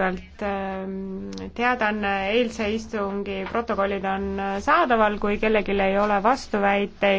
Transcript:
kõigepealt ähm, teadaanne, eilse istungi protokollid on saadaval, kui kellelgi ei ole vastuväiteid,